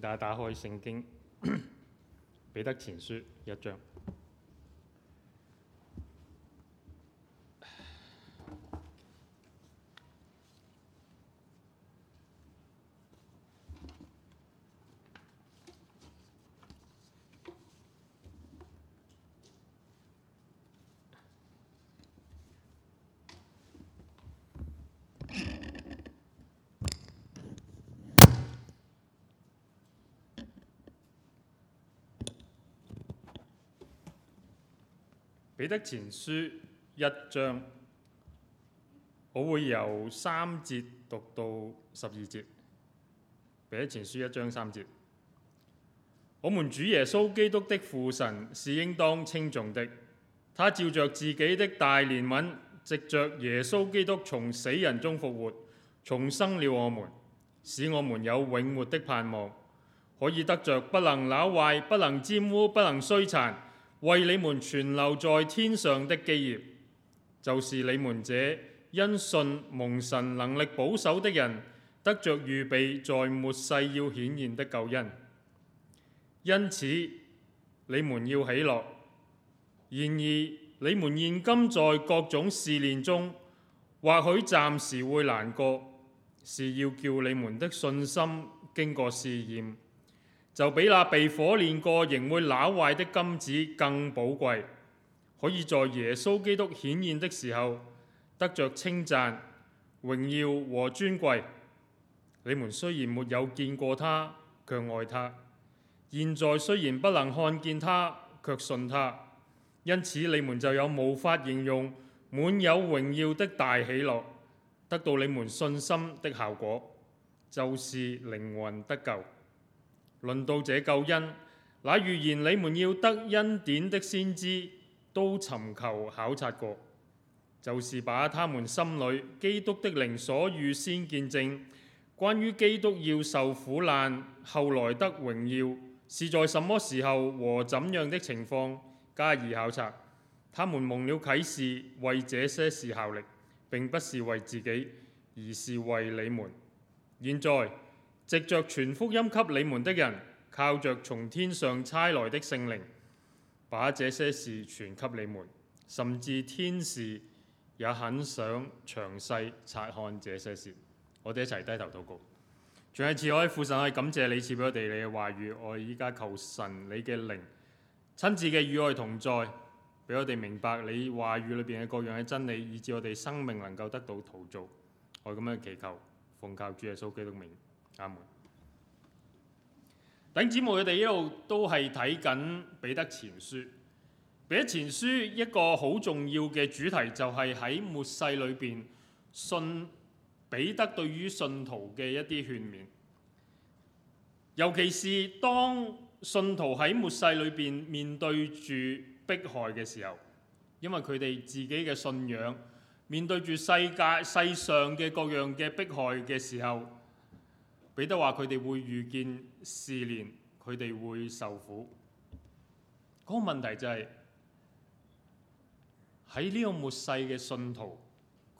大家打開聖經，彼得前書一章。彼前書一章，我會由三節讀到十二節。彼得前書一章三節，我們主耶穌基督的父神是應當稱頌的。他照着自己的大憐憫，藉着耶穌基督從死人中復活，重生了我們，使我們有永活的盼望，可以得着不能朽壞、不能玷污、不能衰殘，為你們存留在天上的基業，就是你們這因信蒙神能力保守的人，得着預備在末世要顯現的救恩。因此，你們要喜樂。然而，你們現今在各種試煉中，或許暫時會難過，是要叫你們的信心經過試驗。就比那被火煉過仍會朽壞的金子更寶貴，可以在耶穌基督顯現的時候得着稱讚、榮耀和尊貴。你們雖然沒有見過他，卻愛他；現在雖然不能看見他，卻信他。因此你們就有無法形容、滿有榮耀的大喜樂，得到你們信心的效果，就是靈魂得救。論到這救恩，那預言你們要得恩典的先知都尋求考察過，就是把他們心裏基督的靈所預先見證，關於基督要受苦難，後來得榮耀，是在什麼時候和怎樣的情況加以考察。他們蒙了啟示，為這些事效力，並不是為自己，而是為你們。現在。藉着傳福音給你們的人，靠着從天上差來的聖靈，把這些事傳給你們。甚至天使也很想詳細察看這些事。我哋一齊低頭禱告。仲係慈愛父神，我哋感謝你賜俾我哋你嘅話語。我依家求神你嘅靈親自嘅與我同在，俾我哋明白你話語裏邊嘅各樣嘅真理，以至我哋生命能夠得到陶造。我咁樣的祈求，奉靠主耶穌基督名。阿們，弟兄姊妹，我哋一路都係睇緊彼得前書。彼得前書一個好重要嘅主題，就係喺末世裏邊，信彼得對於信徒嘅一啲勸勉。尤其是當信徒喺末世裏邊面對住迫害嘅時候，因為佢哋自己嘅信仰，面對住世界世上嘅各樣嘅迫害嘅時候。彼得話：佢哋會遇見試煉，佢哋會受苦。嗰、那個問題就係喺呢個末世嘅信徒，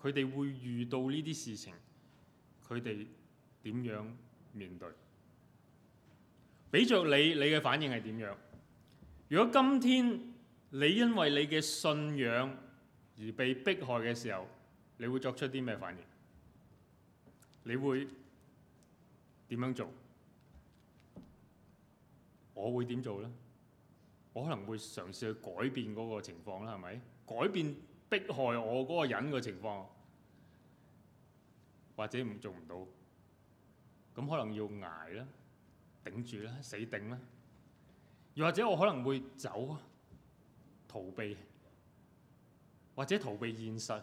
佢哋會遇到呢啲事情，佢哋點樣面對？俾着你，你嘅反應係點樣？如果今天你因為你嘅信仰而被迫害嘅時候，你會作出啲咩反應？你會？點樣做？我會點做呢？我可能會嘗試去改變嗰個情況啦，係咪？改變迫害我嗰個人嘅情況，或者唔做唔到，咁可能要捱啦，頂住啦，死頂啦。又或者我可能會走啊，逃避，或者逃避現實，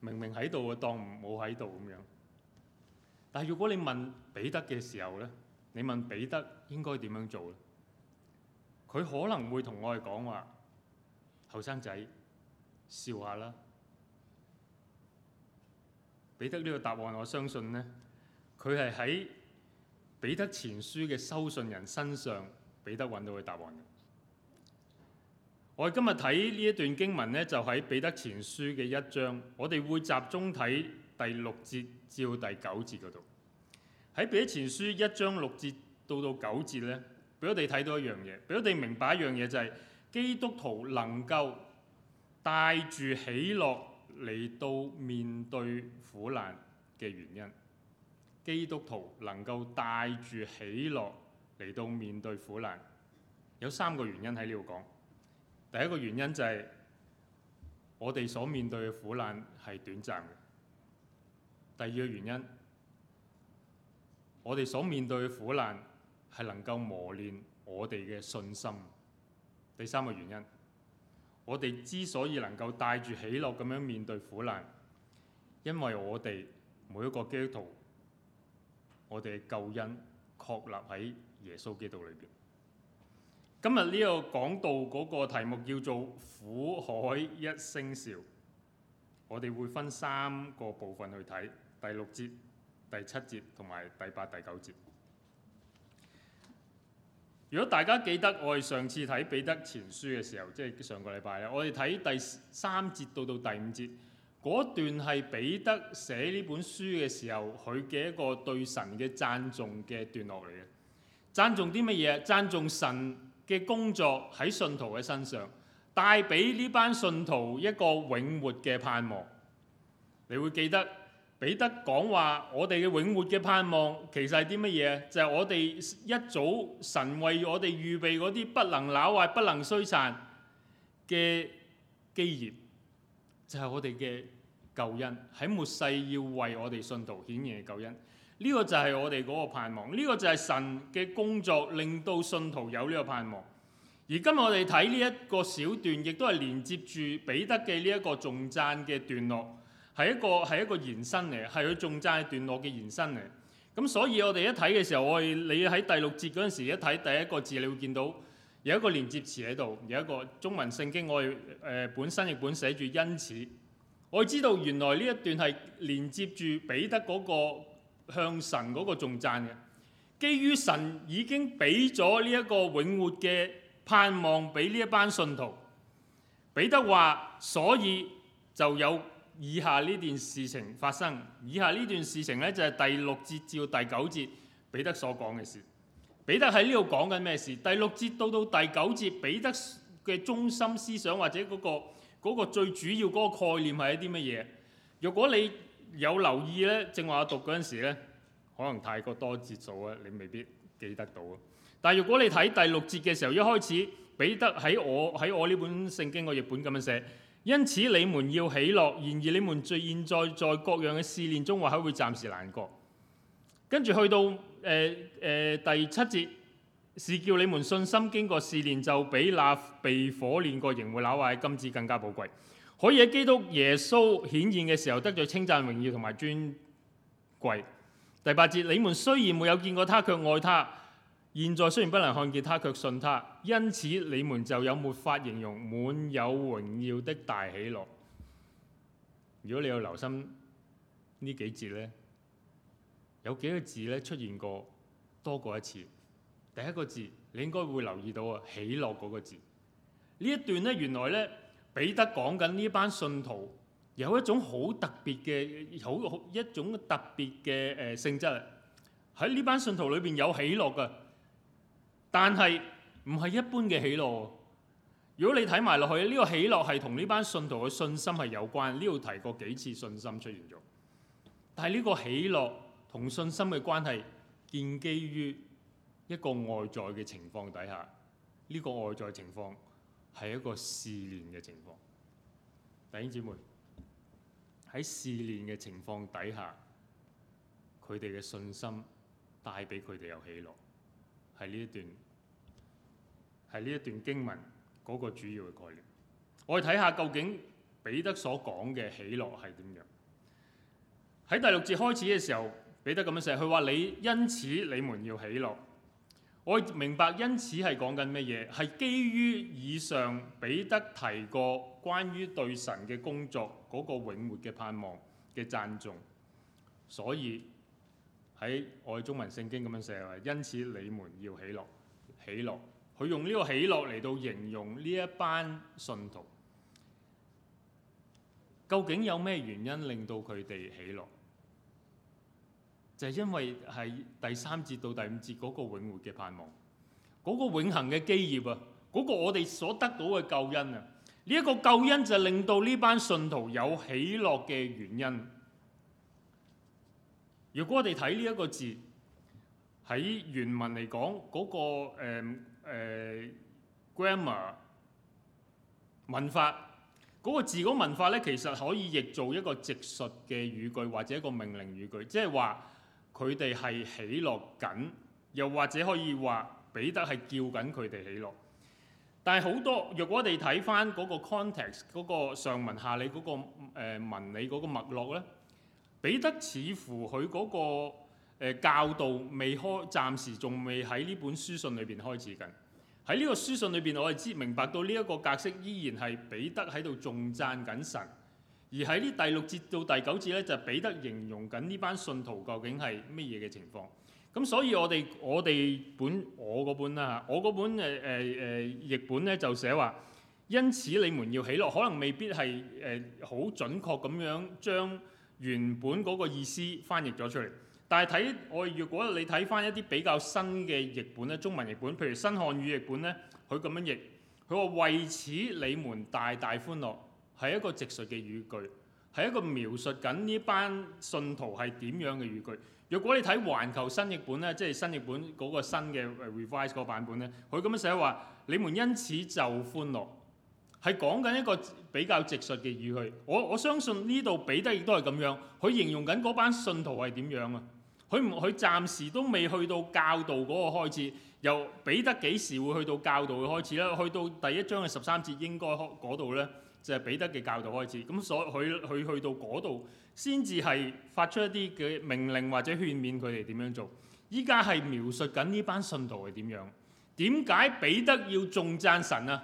明明喺度啊，當冇喺度咁樣。但係如果你問彼得嘅時候咧，你問彼得應該點樣做咧？佢可能會同我哋講話：後生仔，笑下啦！彼得呢個答案，我相信呢，佢係喺彼得前書嘅收信人身上彼得搵到嘅答案嘅。我哋今日睇呢一段經文呢，就喺彼得前書嘅一章，我哋會集中睇，第六節至到第九節嗰度，喺《彼得前書》一章六節到到九節咧，俾我哋睇到一樣嘢，俾我哋明白一樣嘢，就是，就係基督徒能夠帶住喜樂嚟到面對苦難嘅原因。基督徒能夠帶住喜樂嚟到面對苦難，有三個原因喺呢度講。第一個原因就係、是、我哋所面對嘅苦難係短暫嘅。第二個原因，我哋所面對嘅苦難係能夠磨練我哋嘅信心。第三個原因，我哋之所以能夠帶住喜樂咁樣面對苦難，因為我哋每一個基督徒，我哋嘅救恩確立喺耶穌基督裏邊。今日呢個講道嗰個題目叫做《苦海一聲笑》，我哋會分三個部分去睇。第六節、第七節同埋第八、第九節。如果大家記得，我哋上次睇彼得前書嘅時候，即係上個禮拜咧，我哋睇第三節到到第五節嗰段，係彼得寫呢本書嘅時候，佢嘅一個對神嘅讚頌嘅段落嚟嘅。讚頌啲乜嘢？讚頌神嘅工作喺信徒嘅身上，帶俾呢班信徒一個永活嘅盼望。你會記得。彼得講話，我哋嘅永活嘅盼望其實係啲乜嘢？就係、是、我哋一早神為我哋預備嗰啲不能朽壞、不能衰殘嘅基業，就係、是、我哋嘅救恩，喺末世要為我哋信徒顯現嘅救恩。呢、這個就係我哋嗰個盼望，呢、這個就係神嘅工作，令到信徒有呢個盼望。而今日我哋睇呢一個小段，亦都係連接住彼得嘅呢一個重讚嘅段落。係一個係一個延伸嚟，係佢頌讚段落嘅延伸嚟。咁所以我哋一睇嘅時候，我哋你喺第六節嗰陣時一睇第一個字，你會見到有一個連接詞喺度，有一個中文聖經我哋、呃、本身原本寫住因此，我知道原來呢一段係連接住彼得嗰個向神嗰個頌讚嘅，基於神已經俾咗呢一個永活嘅盼望俾呢一班信徒，彼得話所以就有。以下呢段事情發生，以下呢段事情呢，就係、是、第六節至到第九節彼得所講嘅事。彼得喺呢度講緊咩事？第六節到到第九節彼得嘅中心思想或者嗰、那個那個最主要嗰個概念係一啲乜嘢？如果你有留意呢，正話我讀嗰陣時咧，可能太過多節數啊，你未必記得到啊。但係若果你睇第六節嘅時候，一開始彼得喺我喺我呢本聖經嘅譯本咁樣寫。因此你們要喜樂，然而你們在現在在各樣嘅試煉中，或許會暫時難過。跟住去到誒誒、呃呃、第七節，是叫你們信心經過試煉，就比那被火煉過仍會朽壞嘅金子更加寶貴，可以喺基督耶穌顯現嘅時候得著稱讚、榮耀同埋尊貴。第八節，你們雖然沒有見過他，卻愛他；現在雖然不能看見他，卻信他。因此，你們就有沒法形容滿有榮耀的大喜樂。如果你有留心呢幾節呢，有幾個字咧出現過多過一次。第一個字，你應該會留意到啊，喜樂嗰個字。呢一段呢，原來呢，彼得講緊呢班信徒有一種好特別嘅，好一種特別嘅誒性質。喺呢班信徒裏邊有喜樂㗎，但係。唔係一般嘅喜樂。如果你睇埋落去，呢個喜樂係同呢班信徒嘅信心係有關。呢度提過幾次信心出現咗，但係呢個喜樂同信心嘅關係，建基於一個外在嘅情況底下。呢個外在情況係一個試煉嘅情況。弟兄姊妹喺試煉嘅情況底下，佢哋嘅信心帶俾佢哋有喜樂，係呢一段。係呢一段經文嗰個主要嘅概念，我哋睇下究竟彼得所講嘅喜樂係點樣？喺第六節開始嘅時候，彼得咁樣寫，佢話：你因此你們要喜樂。我哋明白因此係講緊咩嘢？係基於以上彼得提過關於對神嘅工作嗰個永活嘅盼望嘅讚頌，所以喺我嘅中文聖經咁樣寫話：因此你們要喜樂，喜樂。佢用呢個喜樂嚟到形容呢一班信徒，究竟有咩原因令到佢哋喜樂？就係、是、因為係第三節到第五節嗰個永活嘅盼望，嗰、那個永恆嘅基業啊，嗰、那個我哋所得到嘅救恩啊，呢、這、一個救恩就令到呢班信徒有喜樂嘅原因。如果我哋睇呢一個字喺原文嚟講嗰個、嗯誒、uh, grammar 文法嗰、那個字嗰個文化咧，其實可以譯做一個直述嘅語句，或者一個命令語句，即係話佢哋係起落緊，又或者可以話彼得係叫緊佢哋起落。但係好多，若果我哋睇翻嗰個 context，嗰個上文下理嗰個誒文理嗰個脈絡咧，彼得似乎佢、那個。誒教導未開，暫時仲未喺呢本書信裏邊開始緊。喺呢個書信裏邊，我係知明白到呢一個格式依然係彼得喺度仲讚緊神。而喺呢第六節到第九節咧，就彼得形容緊呢班信徒究竟係乜嘢嘅情況。咁所以我哋我哋本我嗰本啦、啊、我嗰本誒誒誒譯本咧就寫話：因此你們要喜樂，可能未必係誒好準確咁樣將原本嗰個意思翻譯咗出嚟。但係睇我，如果你睇翻一啲比較新嘅譯本咧，中文譯本，譬如新漢語譯本咧，佢咁樣譯，佢話為此你們大大歡樂，係一個直述嘅語句，係一個描述緊呢班信徒係點樣嘅語句。如果你睇環球新譯本咧，即係新譯本嗰個新嘅 revise 嗰版本咧，佢咁樣寫話，你們因此就歡樂，係講緊一個比較直述嘅語句。我我相信呢度彼得亦都係咁樣，佢形容緊嗰班信徒係點樣啊？佢唔，佢暫時都未去到教導嗰個開始。由彼得幾時會去到教導嘅開始咧？去到第一章嘅十三節應該嗰度咧，就係彼得嘅教導開始。咁所以佢佢去到嗰度，先至係發出一啲嘅命令或者勸勉佢哋點樣做。依家係描述緊呢班信徒係點樣？點解彼得要重讚神啊？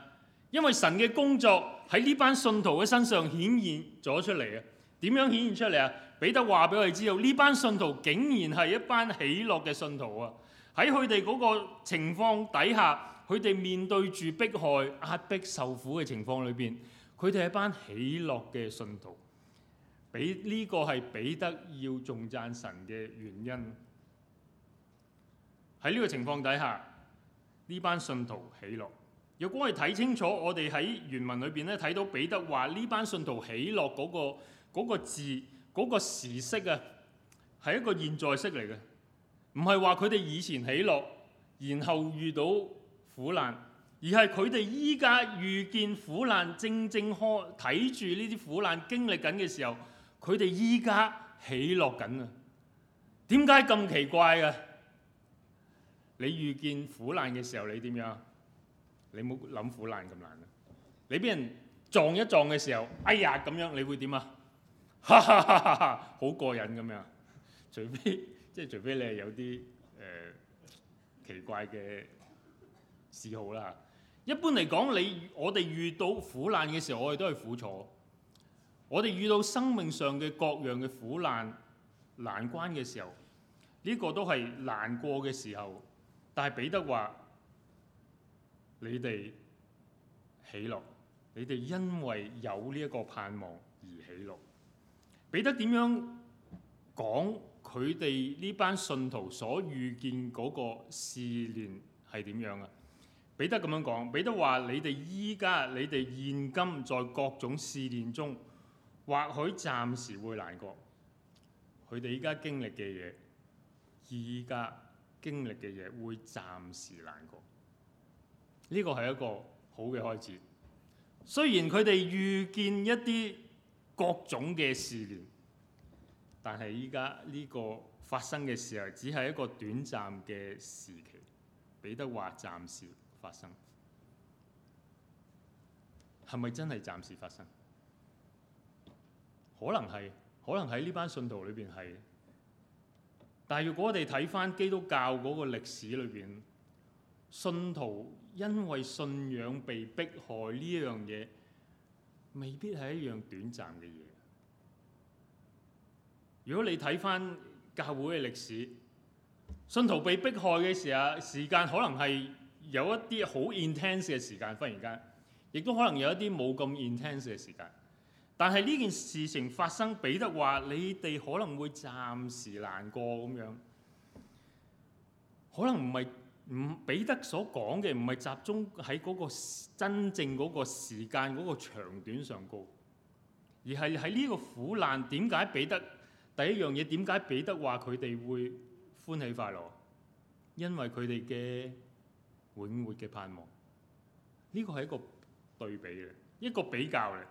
因為神嘅工作喺呢班信徒嘅身上顯現咗出嚟啊！點樣顯現出嚟啊？彼得話俾我哋知道，呢班信徒竟然係一班喜樂嘅信徒啊！喺佢哋嗰個情況底下，佢哋面對住迫害、壓迫、受苦嘅情況裏邊，佢哋係班喜樂嘅信徒。俾、這、呢個係彼得要重讚神嘅原因。喺呢個情況底下，呢班信徒喜樂。如果我哋睇清楚，我哋喺原文裏邊咧睇到彼得話呢班信徒喜樂嗰、那個嗰、那個字，嗰個時式啊，係一個現在式嚟嘅，唔係話佢哋以前喜樂，然後遇到苦難，而係佢哋依家遇見苦難，正正看睇住呢啲苦難經歷緊嘅時候，佢哋依家喜樂緊啊！點解咁奇怪啊？你遇見苦難嘅時候，你點樣？你冇諗苦難咁難啊？你俾人撞一撞嘅時候，哎呀咁樣，你會點啊？哈哈哈！ 好過癮咁樣，除非即係除非你係有啲誒、呃、奇怪嘅嗜好啦。一般嚟講，你我哋遇到苦難嘅時候，我哋都係苦楚。我哋遇到生命上嘅各樣嘅苦難難關嘅時候，呢、這個都係難過嘅時候。但係彼得話：你哋喜樂，你哋因為有呢一個盼望而喜樂。彼得點樣講佢哋呢班信徒所遇見嗰個試煉係點樣啊？彼得咁樣講，彼得話：你哋依家、你哋現今在各種試煉中，或許暫時會難過。佢哋依家經歷嘅嘢，而家經歷嘅嘢會暫時難過。呢個係一個好嘅開始。雖然佢哋遇見一啲……各種嘅試煉，但係依家呢個發生嘅時候，只係一個短暫嘅時期，彼得話暫時發生。係咪真係暫時發生？可能係，可能喺呢班信徒裏邊係。但係如果我哋睇返基督教嗰個歷史裏邊，信徒因為信仰被迫害呢一樣嘢。未必係一樣短暫嘅嘢。如果你睇返教會嘅歷史，信徒被迫害嘅時候，時間可能係有一啲好 intense 嘅時間，忽然間，亦都可能有一啲冇咁 intense 嘅時間。但係呢件事情發生，彼得話：你哋可能會暫時難過咁樣，可能唔係。唔，彼得所講嘅唔係集中喺嗰個真正嗰個時間嗰個長短上高，而係喺呢個苦難。點解彼得第一樣嘢，點解彼得話佢哋會歡喜快樂？因為佢哋嘅永活嘅盼望。呢個係一個對比咧，一個比較咧。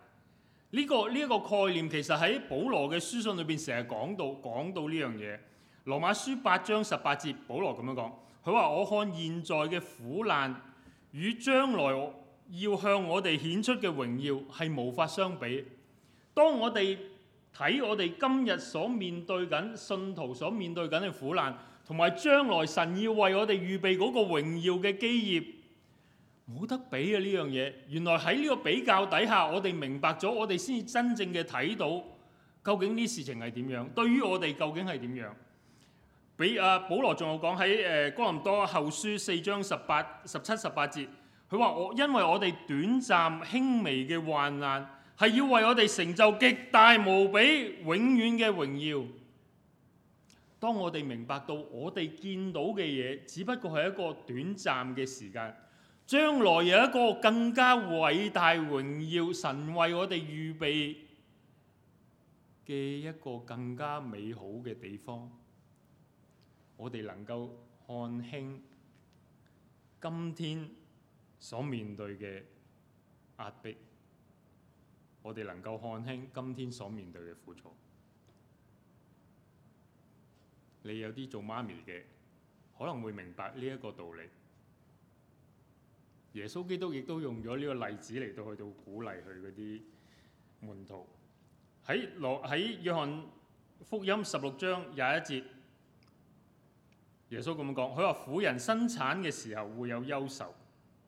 呢個呢一個概念其實喺保羅嘅書信裏邊成日講到，講到呢樣嘢，《羅馬書》八章十八節，保羅咁樣講。佢話，我看現在嘅苦難與將來要向我哋顯出嘅榮耀係無法相比。當我哋睇我哋今日所面對緊信徒所面對緊嘅苦難，同埋將來神要為我哋預備嗰個榮耀嘅基業，冇得比啊！呢樣嘢原來喺呢個比較底下，我哋明白咗，我哋先至真正嘅睇到究竟呢事情係點樣，對於我哋究竟係點樣。比阿、啊、保羅仲有講喺誒、呃、哥林多後書四章十八十七十八節，佢話我因為我哋短暫輕微嘅患難，係要為我哋成就極大無比永遠嘅榮耀。當我哋明白到我哋見到嘅嘢，只不過係一個短暫嘅時間，將來有一個更加偉大榮耀，神為我哋預備嘅一個更加美好嘅地方。我哋能夠看輕今天所面對嘅壓迫，我哋能夠看輕今天所面對嘅苦楚。你有啲做媽咪嘅可能會明白呢一個道理。耶穌基督亦都用咗呢個例子嚟到去到鼓勵佢嗰啲門徒。喺羅喺約翰福音十六章廿一節。耶穌咁講，佢話婦人生產嘅時候會有憂愁，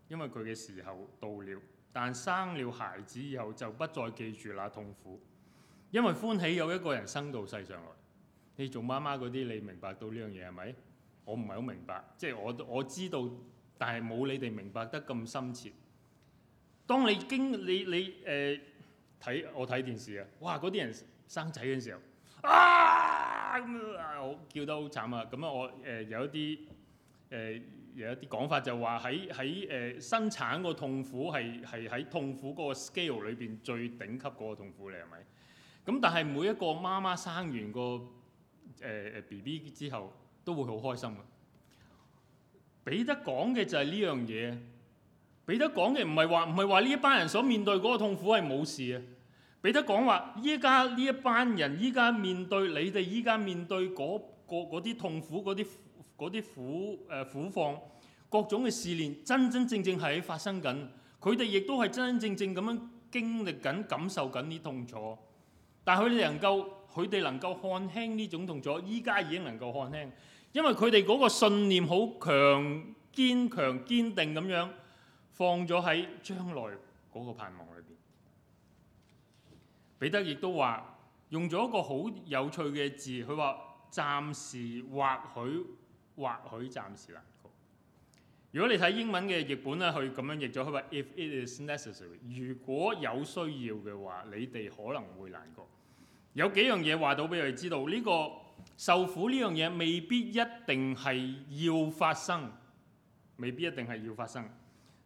因為佢嘅時候到了；但生了孩子以後就不再記住那痛苦，因為歡喜有一個人生到世上來。你做媽媽嗰啲，你明白到呢樣嘢係咪？我唔係好明白，即係我我知道，但係冇你哋明白得咁深切。當你經你你誒睇我睇電視啊，哇！嗰啲人生仔嗰陣時候，啊！啊，我叫得好慘啊！咁啊，我、呃、誒有一啲誒、呃、有一啲講法就話喺喺誒生產個痛苦係係喺痛苦嗰個 scale 裏邊最頂級嗰個痛苦你係咪？咁但係每一個媽媽生完個誒誒、呃、B B 之後都會好開心嘅。彼得講嘅就係呢樣嘢，彼得講嘅唔係話唔係話呢一班人所面對嗰個痛苦係冇事啊！彼得講話，依家呢一班人，依家面對你哋，依家面對嗰、嗰、啲、個、痛苦，嗰啲啲苦誒、呃、苦況，各種嘅試煉，真真正正喺發生緊。佢哋亦都係真真正正咁樣經歷緊、感受緊呢痛楚。但係佢哋能夠，佢哋能夠看輕呢種痛楚，依家已經能夠看輕，因為佢哋嗰個信念好強、堅強、堅定咁樣放咗喺將來嗰個盼望。彼得亦都話用咗一個好有趣嘅字，佢話暫時或許或許暫時難過。如果你睇英文嘅譯本咧，佢咁樣譯咗佢話：If it is necessary，如果有需要嘅話，你哋可能會難過。有幾樣嘢話到俾佢哋知道，呢個受苦呢樣嘢未必一定係要發生，未必一定係要發生。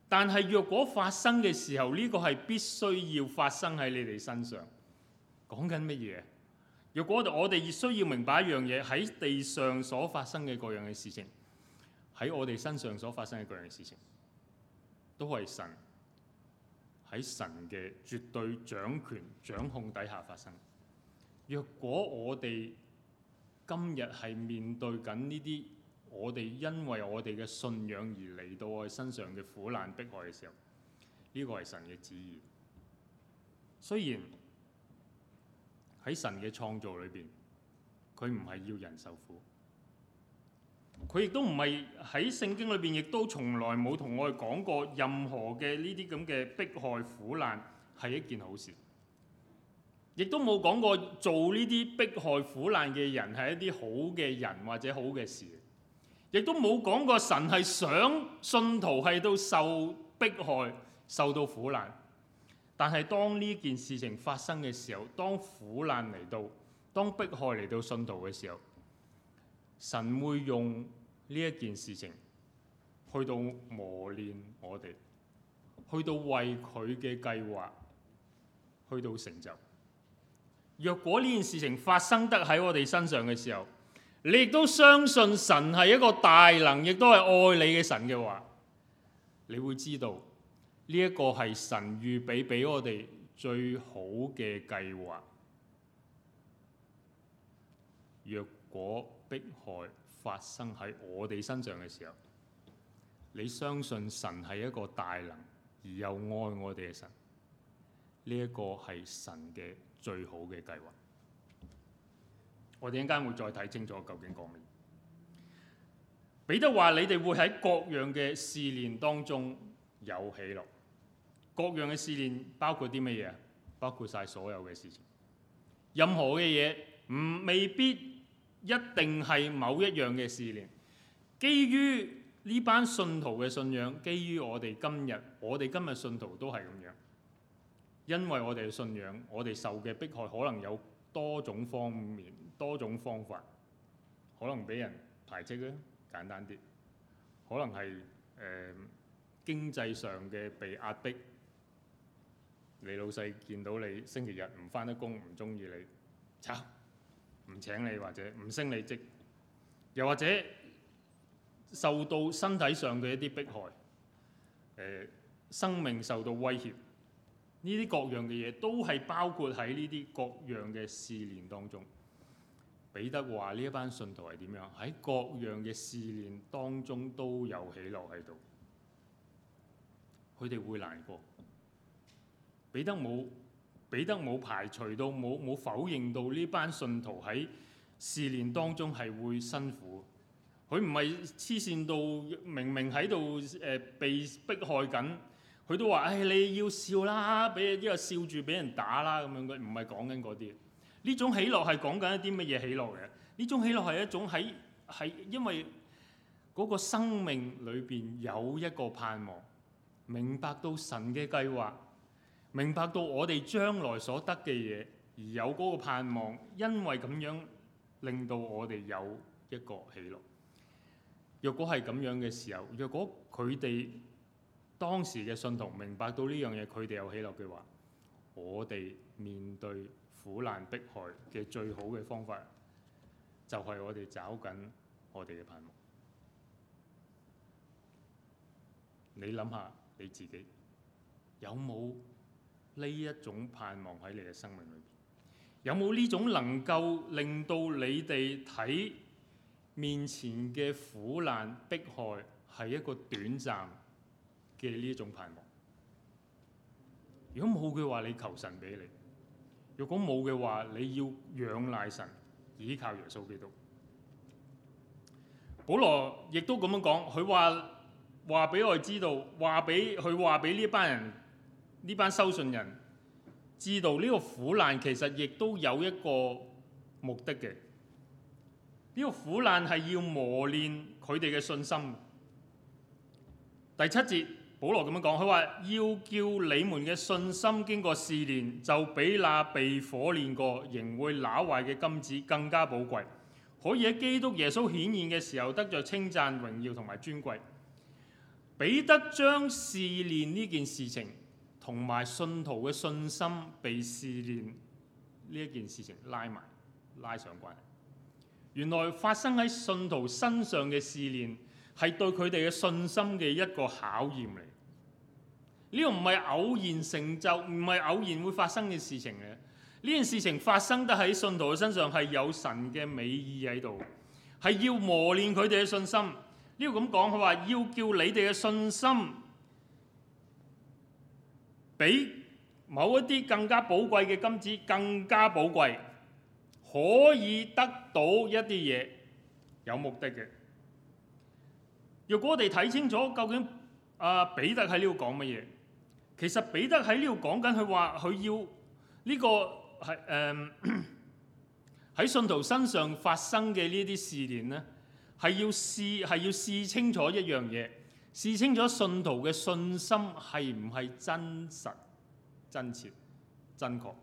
但係若果發生嘅時候，呢個係必須要發生喺你哋身上。講緊乜嘢？若果我哋需要明白一樣嘢，喺地上所發生嘅各樣嘅事情，喺我哋身上所發生嘅各樣嘅事情，都係神喺神嘅絕對掌權掌控底下發生。若果我哋今日係面對緊呢啲我哋因為我哋嘅信仰而嚟到我哋身上嘅苦難迫害嘅時候，呢個係神嘅旨意。雖然喺神嘅創造裏邊，佢唔係要人受苦，佢亦都唔係喺聖經裏邊，亦都從來冇同我哋講過任何嘅呢啲咁嘅迫害苦難係一件好事，亦都冇講過做呢啲迫害苦難嘅人係一啲好嘅人或者好嘅事，亦都冇講過神係想信徒係到受迫害、受到苦難。但係當呢件事情發生嘅時候，當苦難嚟到，當迫害嚟到，信徒嘅時候，神會用呢一件事情去到磨練我哋，去到為佢嘅計劃去到成就。若果呢件事情發生得喺我哋身上嘅時候，你亦都相信神係一個大能，亦都係愛你嘅神嘅話，你會知道。呢一個係神預備俾我哋最好嘅計劃。若果迫害發生喺我哋身上嘅時候，你相信神係一個大能而又愛我哋嘅神，呢、這、一個係神嘅最好嘅計劃。我哋一間會再睇清楚究竟講乜嘢。彼得話：你哋會喺各樣嘅試煉當中有喜樂。各樣嘅試煉包括啲乜嘢？包括晒所有嘅事情。任何嘅嘢唔未必一定係某一樣嘅試煉。基於呢班信徒嘅信仰，基於我哋今日，我哋今日信徒都係咁樣，因為我哋嘅信仰，我哋受嘅迫害可能有多種方面、多種方法，可能俾人排斥咧。簡單啲，可能係誒、呃、經濟上嘅被壓迫。你老細見到你星期日唔返得工，唔中意你，走，唔請你或者唔升你職，又或者受到身體上嘅一啲迫害，誒、呃、生命受到威脅，呢啲各樣嘅嘢都係包括喺呢啲各樣嘅試煉當中。彼得話：呢一班信徒係點樣？喺各樣嘅試煉當中都有喜樂喺度，佢哋會難過。彼得冇彼得冇排除到冇冇否認到呢班信徒喺試煉當中係會辛苦，佢唔係黐線到明明喺度誒被迫害緊，佢都話：誒、哎、你要笑啦，俾一個笑住俾人打啦咁樣嘅，唔係講緊嗰啲。呢種喜樂係講緊一啲乜嘢喜樂嘅？呢種喜樂係一種喺喺因為嗰個生命裏邊有一個盼望，明白到神嘅計劃。明白到我哋將來所得嘅嘢，而有嗰個盼望，因為咁樣令到我哋有一個喜樂。若果係咁樣嘅時候，若果佢哋當時嘅信徒明白到呢樣嘢，佢哋有喜樂嘅話，我哋面對苦難迫害嘅最好嘅方法，就係我哋找緊我哋嘅盼望。你諗下你自己有冇？呢一種盼望喺你嘅生命裏邊，有冇呢種能夠令到你哋睇面前嘅苦難迫害係一個短暫嘅呢一種盼望？如果冇嘅話，你求神俾你；如果冇嘅話，你要仰賴神，倚靠耶穌基督。保羅亦都咁樣講，佢話話俾我哋知道，話俾佢話俾呢一班人。呢班收信人知道呢個苦難，其實亦都有一個目的嘅。呢個苦難係要磨練佢哋嘅信心。第七節，保羅咁樣講，佢話要叫你們嘅信心經過試煉，就比那被火煉過仍會攪壞嘅金子更加寶貴，可以喺基督耶穌顯現嘅時候得着稱讚、榮耀同埋尊貴。彼得將試煉呢件事情同埋信徒嘅信心被試煉呢一件事情拉埋拉上關係，原來發生喺信徒身上嘅試煉係對佢哋嘅信心嘅一個考驗嚟。呢個唔係偶然成就，唔係偶然會發生嘅事情嚟。呢件事情發生得喺信徒嘅身上係有神嘅美意喺度，係要磨練佢哋嘅信心。呢個咁講，佢話要叫你哋嘅信心，比某一啲更加寶貴嘅金子更加寶貴，可以得到一啲嘢有目的嘅。若果我哋睇清楚究竟阿、啊、彼得喺呢度講乜嘢，其實彼得喺呢度講緊佢話佢要呢、這個係誒喺信徒身上發生嘅呢啲試煉咧，係要試係要試清楚一樣嘢。試清楚信徒嘅信心係唔係真實、真切、真確？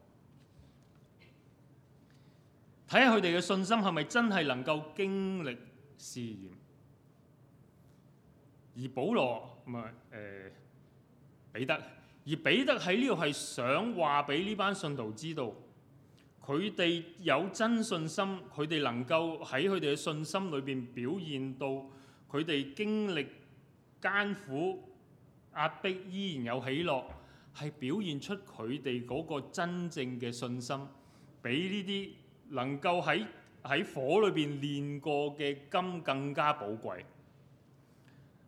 睇下佢哋嘅信心係咪真係能夠經歷試驗？而保羅唔係，誒彼得，而彼得喺呢度係想話俾呢班信徒知道，佢哋有真信心，佢哋能夠喺佢哋嘅信心裏邊表現到佢哋經歷。艱苦壓迫依然有喜樂，係表現出佢哋嗰個真正嘅信心，比呢啲能夠喺喺火裏邊煉過嘅金更加寶貴。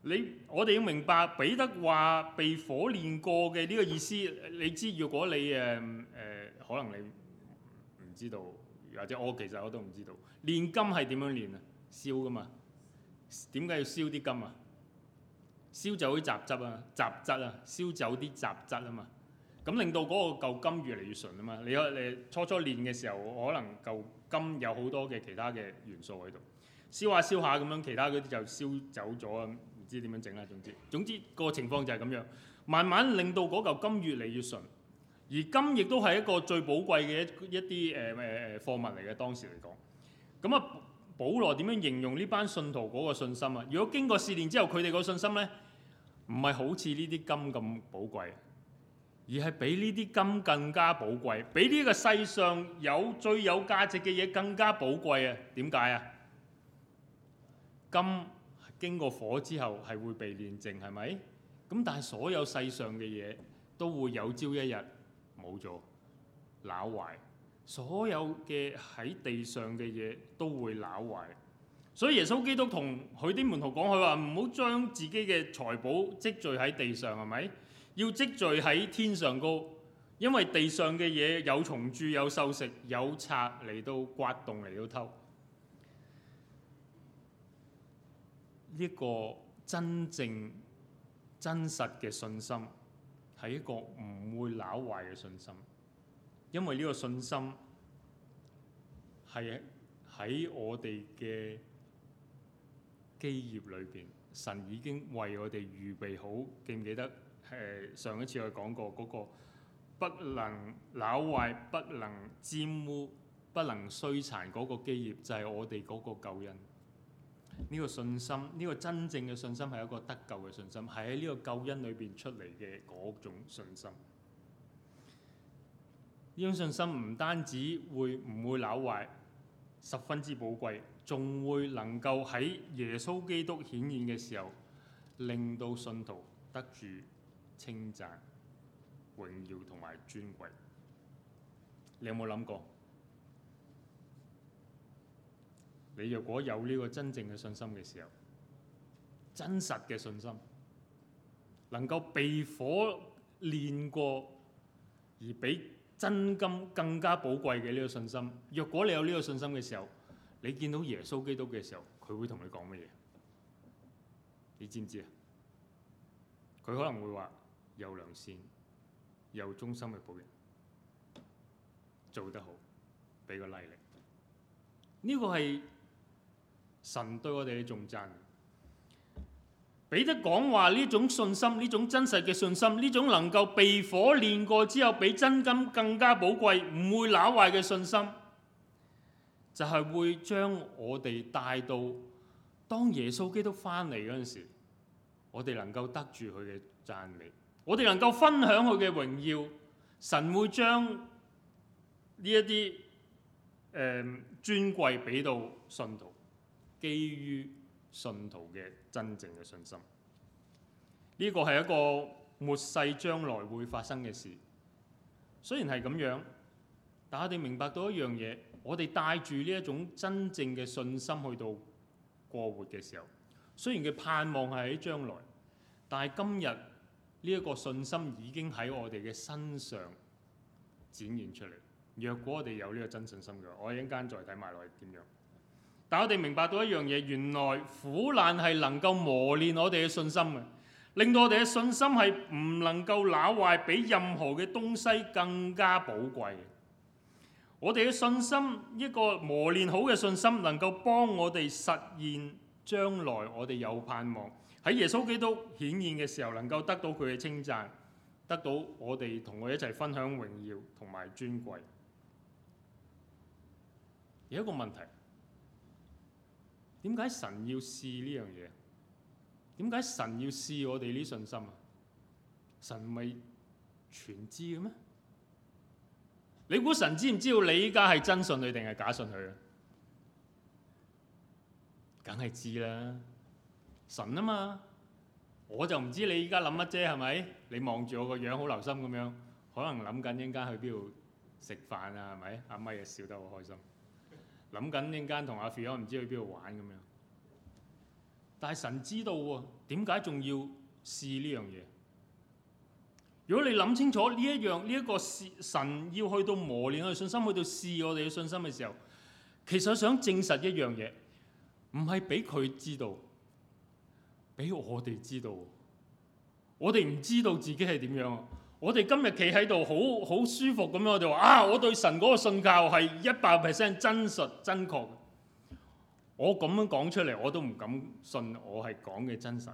你我哋要明白，彼得話被火煉過嘅呢個意思。你知，如果你誒誒、呃，可能你唔知道，或者我其實我都唔知道煉金係點樣煉啊？燒㗎嘛？點解要燒啲金啊？燒走啲雜質啊，雜質啊，燒走啲雜質啊嘛，咁令到嗰個嚿金越嚟越純啊嘛。你你初初練嘅時候，可能嚿金有好多嘅其他嘅元素喺度，燒下燒下咁樣，其他嗰啲就燒走咗啊。唔知點樣整啊。總之總之個情況就係咁樣，慢慢令到嗰嚿金越嚟越純，而金亦都係一個最寶貴嘅一啲誒誒貨物嚟嘅，當時嚟講，咁啊。保羅點樣形容呢班信徒嗰個信心啊？如果經過試煉之後，佢哋個信心呢，唔係好似呢啲金咁寶貴，而係比呢啲金更加寶貴，比呢個世上有最有價值嘅嘢更加寶貴啊？點解啊？金經過火之後係會被煉淨，係咪？咁但係所有世上嘅嘢都會有朝一日冇咗、朽壞。所有嘅喺地上嘅嘢都會朽壞，所以耶穌基督同佢啲門徒講：佢話唔好將自己嘅財寶積聚喺地上，係咪？要積聚喺天上高，因為地上嘅嘢有蟲蛀、有銹蝕、有賊嚟到刮洞嚟到偷。呢、呢個真正真實嘅信心係一個唔會朽壞嘅信心。因為呢個信心係喺我哋嘅基業裏邊，神已經為我哋預備好。記唔記得？誒，上一次我講過嗰個不能扭壞、不能沾污、不能摧殘嗰個基業，就係我哋嗰個救恩。呢個信心，呢個真正嘅信心係一個得救嘅信心，係喺呢個救恩裏邊出嚟嘅嗰種信心。呢種信心唔單止會唔會攪壞，十分之寶貴，仲會能夠喺耶穌基督顯現嘅時候，令到信徒得著稱讚、榮耀同埋尊貴。你有冇諗過？你若果有呢個真正嘅信心嘅時候，真實嘅信心能夠被火煉過而俾。真金更加寶貴嘅呢個信心，若果你有呢個信心嘅時候，你見到耶穌基督嘅時候，佢會同你講乜嘢？你知唔知啊？佢可能會話：有良善、有忠心嘅僕人，做得好，俾個 like。這」呢個係神對我哋嘅重贊。彼得講話呢種信心，呢種真實嘅信心，呢種能夠被火煉過之後，比真金更加寶貴，唔會朽壞嘅信心，就係、是、會將我哋帶到當耶穌基督翻嚟嗰陣時，我哋能夠得住佢嘅讚美，我哋能夠分享佢嘅榮耀，神會將呢一啲誒尊貴俾到信徒，基於。信徒嘅真正嘅信心，呢個係一個末世將來會發生嘅事。雖然係咁樣，但係我哋明白到一樣嘢，我哋帶住呢一種真正嘅信心去到過活嘅時候，雖然嘅盼望係喺將來，但係今日呢一個信心已經喺我哋嘅身上展現出嚟。若果我哋有呢個真信心嘅話，我一陣間再睇埋落去點樣。但我哋明白到一樣嘢，原來苦難係能夠磨練我哋嘅信心嘅，令到我哋嘅信心係唔能夠朽壞，比任何嘅東西更加寶貴。我哋嘅信心，一個磨練好嘅信心，能夠幫我哋實現將來我哋有盼望，喺耶穌基督顯現嘅時候，能夠得到佢嘅稱讚，得到我哋同佢一齊分享榮耀同埋尊貴。有一個問題。點解神要試呢樣嘢？點解神要試我哋呢信心啊？神咪全知嘅咩？你估神知唔知道你依家係真信佢定係假信佢啊？梗係知啦，神啊嘛！我就唔知你依家諗乜啫，係咪？你望住我個樣好留心咁樣，可能諗緊陣間去邊度食飯啊？係咪？阿媽又笑得好開心。諗緊陣間同阿肥友唔知去邊度玩咁樣，但係神知道喎，點解仲要試呢樣嘢？如果你諗清楚呢一樣呢，一個試神要去到磨練我哋信心，去到試我哋嘅信心嘅時候，其實想證實一樣嘢，唔係俾佢知道，俾我哋知道，我哋唔知道自己係點樣啊！我哋今日企喺度，好好舒服咁樣，我哋話啊，我對神嗰個信教係一百 percent 真實真確。我咁樣講出嚟，我都唔敢信我係講嘅真實。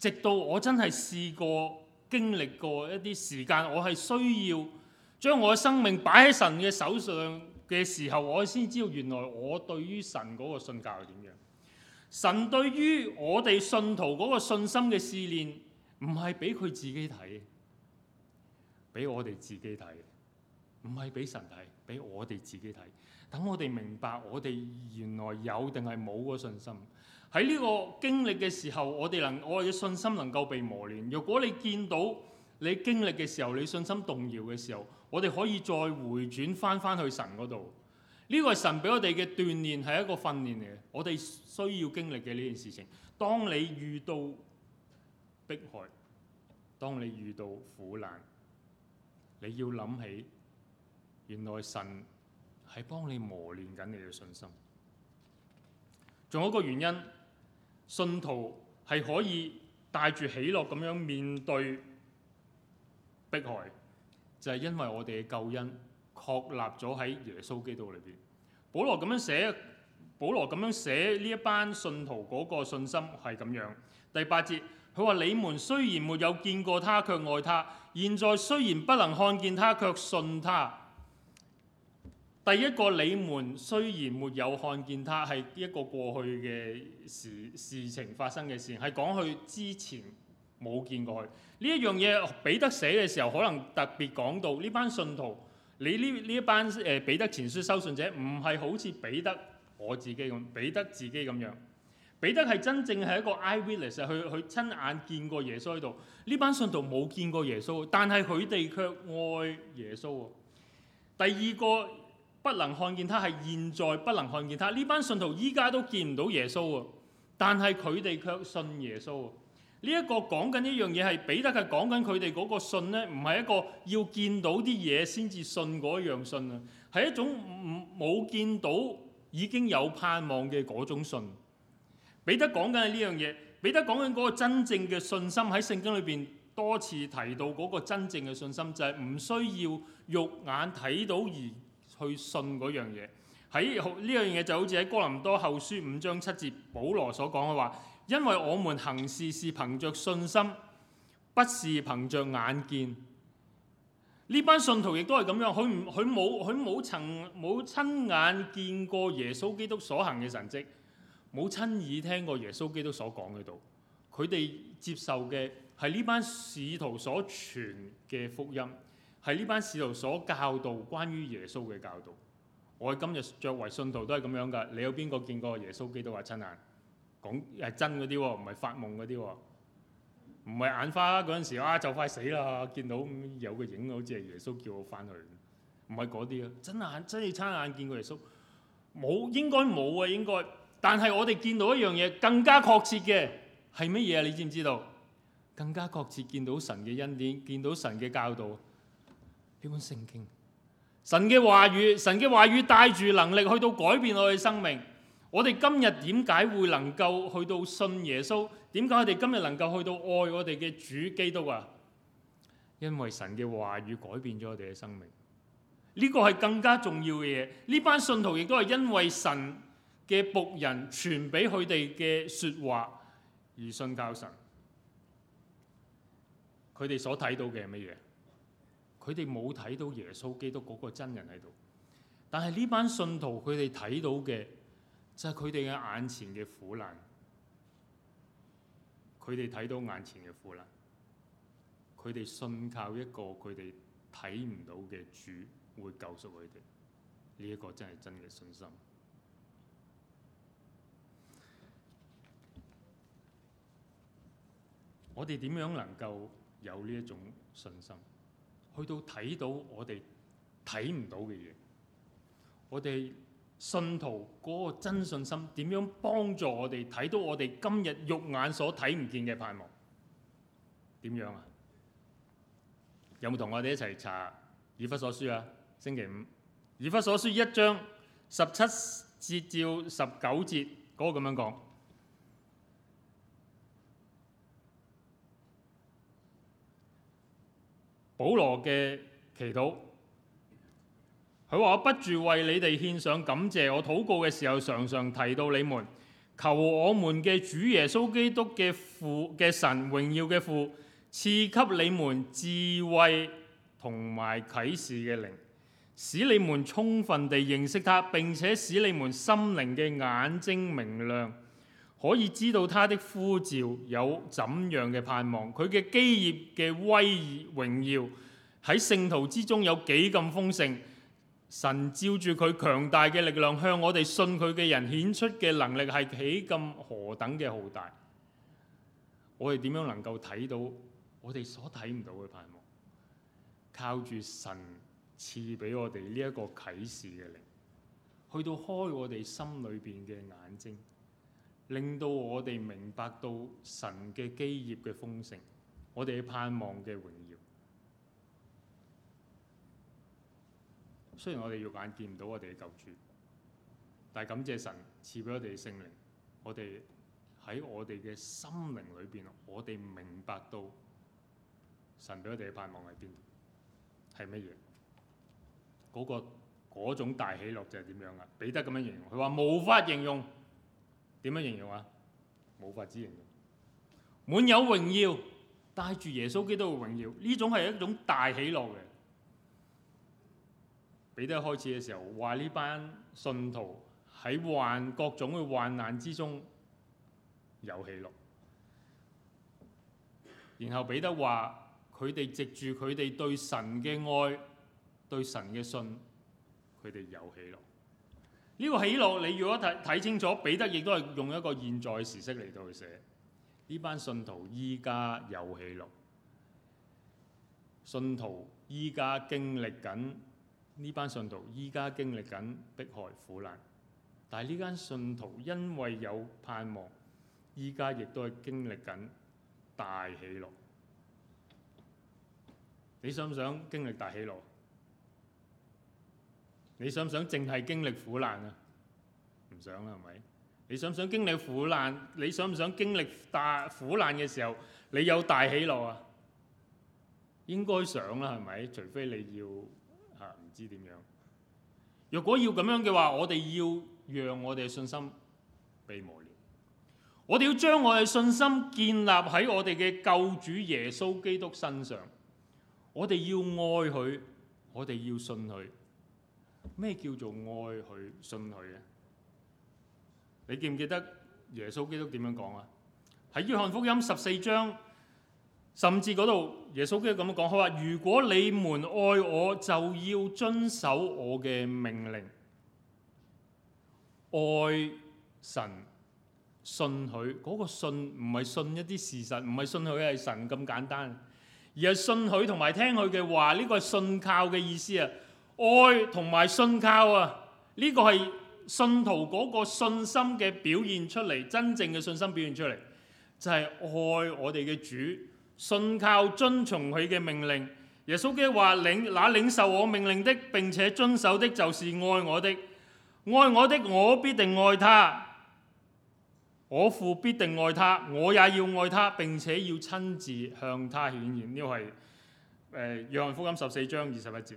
直到我真係試過經歷過一啲時間，我係需要將我嘅生命擺喺神嘅手上嘅時候，我先知道原來我對於神嗰個信教係點樣。神對於我哋信徒嗰個信心嘅試煉，唔係俾佢自己睇。俾我哋自己睇，唔係俾神睇，俾我哋自己睇。等我哋明白我哋原來有定係冇個信心。喺呢個經歷嘅時候，我哋能我嘅信心能夠被磨練。如果你見到你經歷嘅時候，你信心動搖嘅時候，我哋可以再回轉返返去神嗰度。呢個係神俾我哋嘅鍛鍊，係一個訓練嚟嘅。我哋需要經歷嘅呢件事情。當你遇到迫害，當你遇到苦難。你要諗起，原來神係幫你磨練緊你嘅信心。仲有一個原因，信徒係可以帶住喜樂咁樣面對迫害，就係因為我哋嘅救恩確立咗喺耶穌基督裏邊。保羅咁樣寫，保羅咁樣寫呢一班信徒嗰個信心係咁樣。第八節。佢話：你們雖然沒有見過他，卻愛他；現在雖然不能看見他，卻信他。第一個你們雖然沒有看見他，係一個過去嘅事事情發生嘅事，係講佢之前冇見過佢呢一樣嘢。彼得寫嘅時候，可能特別講到呢班信徒，你呢呢一班誒、呃、彼得前書收信者，唔係好似彼得我自己咁，彼得自己咁樣。彼得係真正係一個 eye witness 去去親眼見過耶穌喺度。呢班信徒冇見過耶穌，但係佢哋卻愛耶穌。第二個不能看見他係現在不能看見他。呢班信徒依家都見唔到耶穌喎，但係佢哋卻信耶穌。呢、這、一個講緊一樣嘢係彼得係講緊佢哋嗰個信咧，唔係一個要見到啲嘢先至信嗰樣信啊，係一種唔冇見到已經有盼望嘅嗰種信。彼得講緊呢樣嘢，彼得講緊嗰個真正嘅信心喺聖經裏邊多次提到嗰個真正嘅信心，就係唔需要肉眼睇到而去信嗰樣嘢。喺呢樣嘢就好似喺哥林多後書五章七節，保羅所講嘅話：因為我們行事是憑着信心，不是憑着眼見。呢班信徒亦都係咁樣，佢唔佢冇佢冇曾冇親眼見過耶穌基督所行嘅神跡。冇親耳聽過耶穌基督所講喺度，佢哋接受嘅係呢班使徒所傳嘅福音，係呢班使徒所教導關於耶穌嘅教導。我今日作為信徒都係咁樣噶。你有邊個見過耶穌基督話親眼講係真嗰啲喎？唔係發夢嗰啲喎？唔係眼花嗰陣時啊就快死啦！見到有個影好似係耶穌叫我翻去，唔係嗰啲啊！真眼真係親眼見過耶穌，冇，應該冇啊！應該。應該但係我哋見到一樣嘢，更加確切嘅係乜嘢？你知唔知道？更加確切見到神嘅恩典，見到神嘅教導。呢本聖經，神嘅話語，神嘅話語帶住能力去到改變我哋嘅生命。我哋今日點解會能夠去到信耶穌？點解我哋今日能夠去到愛我哋嘅主基督啊？因為神嘅話語改變咗我哋嘅生命。呢個係更加重要嘅嘢。呢班信徒亦都係因為神嘅僕人傳俾佢哋嘅説話，而信靠神。佢哋所睇到嘅係乜嘢？佢哋冇睇到耶穌基督嗰個真人喺度，但係呢班信徒佢哋睇到嘅就係佢哋嘅眼前嘅苦難。佢哋睇到眼前嘅苦難，佢哋信靠一個佢哋睇唔到嘅主會救贖佢哋。呢一個真係真嘅信心。我哋點樣能夠有呢一種信心，去到睇到我哋睇唔到嘅嘢？我哋信徒嗰個真信心點樣幫助我哋睇到我哋今日肉眼所睇唔見嘅盼望？點樣啊？有冇同我哋一齊查以弗所書啊？星期五，以弗所書一章十七節至十九節嗰個咁樣講。保羅嘅祈禱，佢話我不住為你哋獻上感謝。我禱告嘅時候，常常提到你們，求我們嘅主耶穌基督嘅父嘅神榮耀嘅父，賜給你們智慧同埋啟示嘅靈，使你們充分地認識他，並且使你們心靈嘅眼睛明亮。可以知道他的呼召有怎樣嘅盼望，佢嘅基業嘅威榮耀喺聖徒之中有幾咁豐盛，神照住佢強大嘅力量向我哋信佢嘅人顯出嘅能力係幾咁何等嘅浩大。我哋點樣能夠睇到我哋所睇唔到嘅盼望？靠住神賜俾我哋呢一個啟示嘅靈，去到開我哋心裡邊嘅眼睛。令到我哋明白到神嘅基業嘅豐盛，我哋嘅盼望嘅榮耀。雖然我哋肉眼見唔到我哋嘅救主，但係感謝神賜俾我哋嘅聖靈，我哋喺我哋嘅心靈裏邊，我哋明白到神俾我哋嘅盼望喺邊，係乜嘢？嗰個、嗰種大喜樂就係點樣啊？彼得咁樣形容，佢話無法形容。點樣形容啊？冇法子形容。滿有榮耀，帶住耶穌基督嘅榮耀，呢種係一種大喜樂嘅。彼得開始嘅時候話呢班信徒喺患各種嘅患難之中有喜樂，然後彼得話佢哋藉住佢哋對神嘅愛、對神嘅信，佢哋有喜樂。呢個喜樂，你如果睇睇清楚，彼得亦都係用一個現在時式嚟到去寫，呢班信徒依家有喜樂，信徒依家經歷緊，呢班信徒依家經歷緊迫害苦難，但係呢間信徒因為有盼望，依家亦都係經歷緊大喜樂。你想唔想經歷大喜樂？你想唔想淨係經歷苦難啊？唔想啦，係咪？你想唔想經歷苦難？你想唔想經歷大苦難嘅時候，你有大喜樂啊？應該想啦，係咪？除非你要啊，唔知點樣。如果要咁樣嘅話，我哋要讓我哋嘅信心被磨練。我哋要將我哋信心建立喺我哋嘅救主耶穌基督身上。我哋要愛佢，我哋要信佢。咩叫做愛佢、信佢嘅？你記唔記得耶穌基督點樣講啊？喺約翰福音十四章，甚至嗰度耶穌基督咁樣講，佢話：如果你們愛我，就要遵守我嘅命令。愛神、信佢，嗰個信唔係信一啲事實，唔係信佢係神咁簡單，而係信佢同埋聽佢嘅話，呢個係信靠嘅意思啊。愛同埋信靠啊！呢個係信徒嗰個信心嘅表現出嚟，真正嘅信心表現出嚟，就係愛我哋嘅主，信靠遵從佢嘅命令。耶穌嘅話：領那領受我命令的並且遵守的，就是愛我的。愛我的，我必定愛他，我父必定愛他，我也要愛他並且要親自向他顯現。呢個係誒約翰福音十四章二十一節。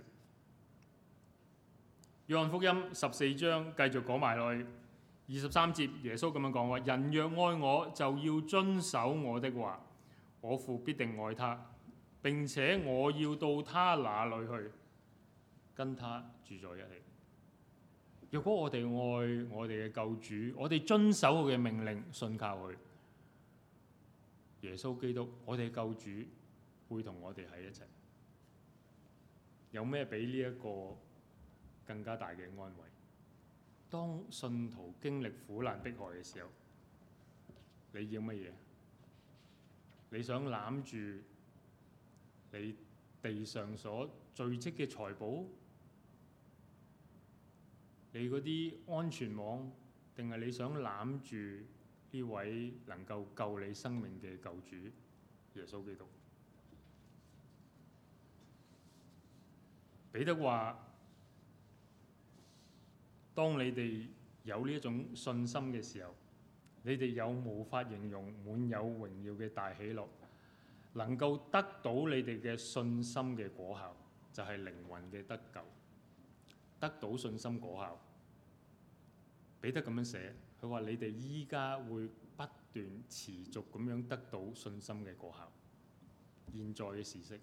《約翰福音》十四章繼續講埋落去二十三節，耶穌咁樣講話：人若愛我，就要遵守我的話，我父必定愛他，並且我要到他那裏去，跟他住在一起。若果我哋愛我哋嘅救主，我哋遵守佢嘅命令，信靠佢，耶穌基督，我哋嘅救主會同我哋喺一齊。有咩比呢一個？更加大嘅安慰。當信徒經歷苦難迫害嘅時候，你要乜嘢？你想攬住你地上所聚積嘅財寶，你嗰啲安全網，定係你想攬住呢位能夠救你生命嘅救主耶穌基督？彼得話。當你哋有呢一種信心嘅時候，你哋有無法形容滿有榮耀嘅大喜樂，能夠得到你哋嘅信心嘅果效，就係、是、靈魂嘅得救。得到信心果效，彼得咁樣寫，佢話你哋依家會不斷持續咁樣得到信心嘅果效。現在嘅時勢，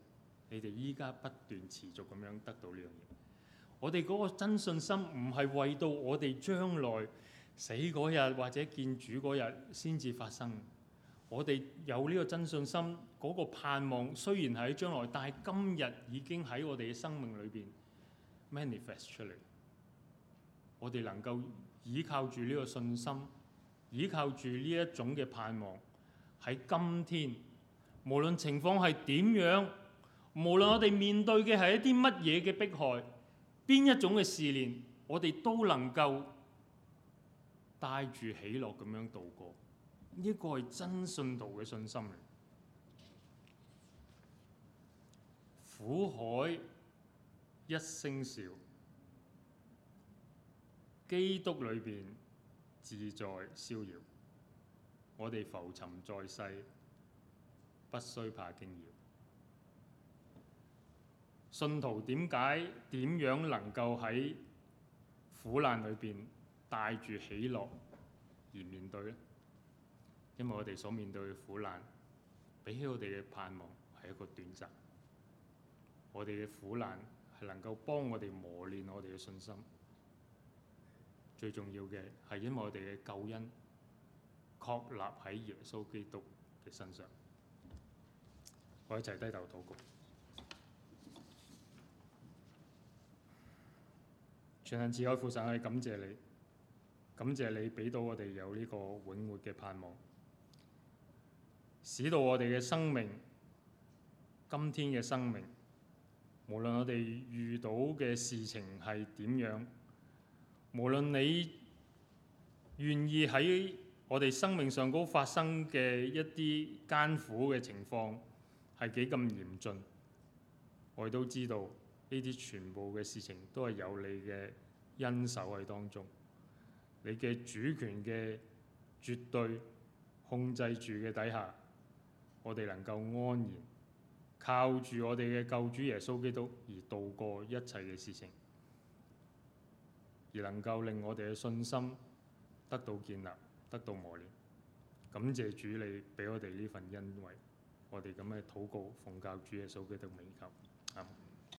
你哋依家不斷持續咁樣得到呢樣嘢。我哋嗰個真信心唔係為到我哋將來死嗰日或者見主嗰日先至發生。我哋有呢個真信心，嗰個盼望，雖然喺將來，但係今日已經喺我哋嘅生命裏邊 manifest 出嚟。我哋能夠依靠住呢個信心，依靠住呢一種嘅盼望，喺今天，無論情況係點樣，無論我哋面對嘅係一啲乜嘢嘅迫害。邊一種嘅試煉，我哋都能夠帶住喜樂咁樣度過，呢個係真信徒嘅信心。苦海一聲笑，基督裏邊自在逍遙，我哋浮沉在世，不需怕驚擾。信徒點解點樣能夠喺苦難裏邊帶住喜樂而面對呢？因為我哋所面對嘅苦難，比起我哋嘅盼望係一個短暫，我哋嘅苦難係能夠幫我哋磨練我哋嘅信心。最重要嘅係因為我哋嘅救恩確立喺耶穌基督嘅身上。我一齊低頭禱告。長慶慈愛父神，我哋感謝你，感謝你俾到我哋有呢個永活嘅盼望，使到我哋嘅生命，今天嘅生命，無論我哋遇到嘅事情係點樣，無論你願意喺我哋生命上高發生嘅一啲艱苦嘅情況係幾咁嚴峻，我哋都知道。呢啲全部嘅事情都係有你嘅恩手喺當中，你嘅主權嘅絕對控制住嘅底下，我哋能夠安然靠住我哋嘅救主耶穌基督而度過一切嘅事情，而能夠令我哋嘅信心得到建立、得到磨練。感謝主，你俾我哋呢份恩惠，我哋咁嘅禱告奉教主耶穌基督美名求。